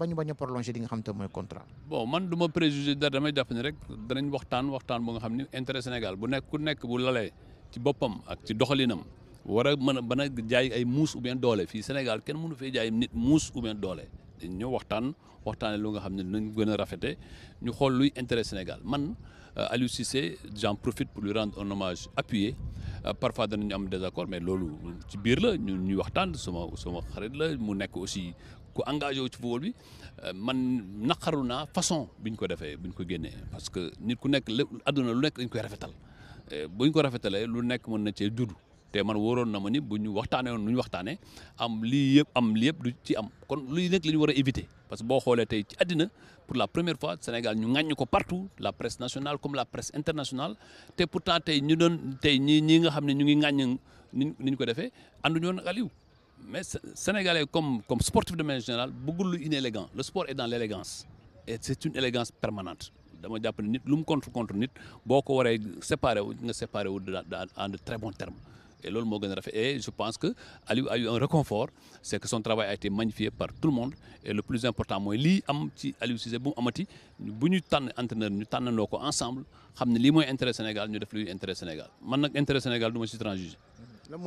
ba ñu bañ a prolongé li nga xam te mooy contrat. bo man du ma préjugé dara damay jàpp ni rek danañ waxtaan waxtaan bu nga xam ni intérêt Sénégal bu nekk ku nekk bu lalee ci boppam ak ci doxalinam war a mën a mën a jaay ay muus ou bien doole fii Sénégal kenn mënu fee jaay nit muus ou bien doole dañ ñëw waxtaan waxtaanee lu nga xam ne dinañ gën a rafete ñu xool luy intérêt Sénégal man euh, Aliou Cissé j'en profite pour lui rendre un hommage appuyé euh, parfois danañu am désaccord mais loolu ci biir la ñu ñuy waxtaan suma suma xarit la mu nekk aussi ku engagé wu ci football bi euh, man naqaru naa façon bi ñu ko defee bi ñu ko génnee parce que nit ku nekk lépp àdduna lu nekk dañ koy rafetal euh, bu ñu ko rafetalee lu nekk mën na cee judd te man waroon na ma ni bu ñu waxtaanee woon nu ñu waxtaanee am lii yëpp am lii yëpp du ci am kon luy nekk lañu ñu war a éviter parce que boo xoolee tey ci àddina pour la première fois Sénégal ñu ŋàññ ko partout la presse national comme la presse internationale te pourtant tey ñu doon tey ñii ñii nga xam ne ñu ngi ŋàññ ni ñu ko defee ànduñu woon Aliou mais sénégalais comme comme sportif de manière générale bëggul lu inélégant le sport est dans l'élégance et c'est une élégance permanente dama jàpp nit lu contre contre nit boo ko waree séparé wu nga séparé wu en de très bons termes et loolu moo gën a rafet et je pense que Aliou a eu un réconfort c'est que son travail a été magnifié par tout le monde et le plus important mooy lii am ci Aliou Cissé bu mu amati bu ñu tànn ñu tànnandoo ko ensemble xam ne lii mooy intérêt Sénégal ñu def luy intérêt Sénégal man nag intérêt Sénégal du ma si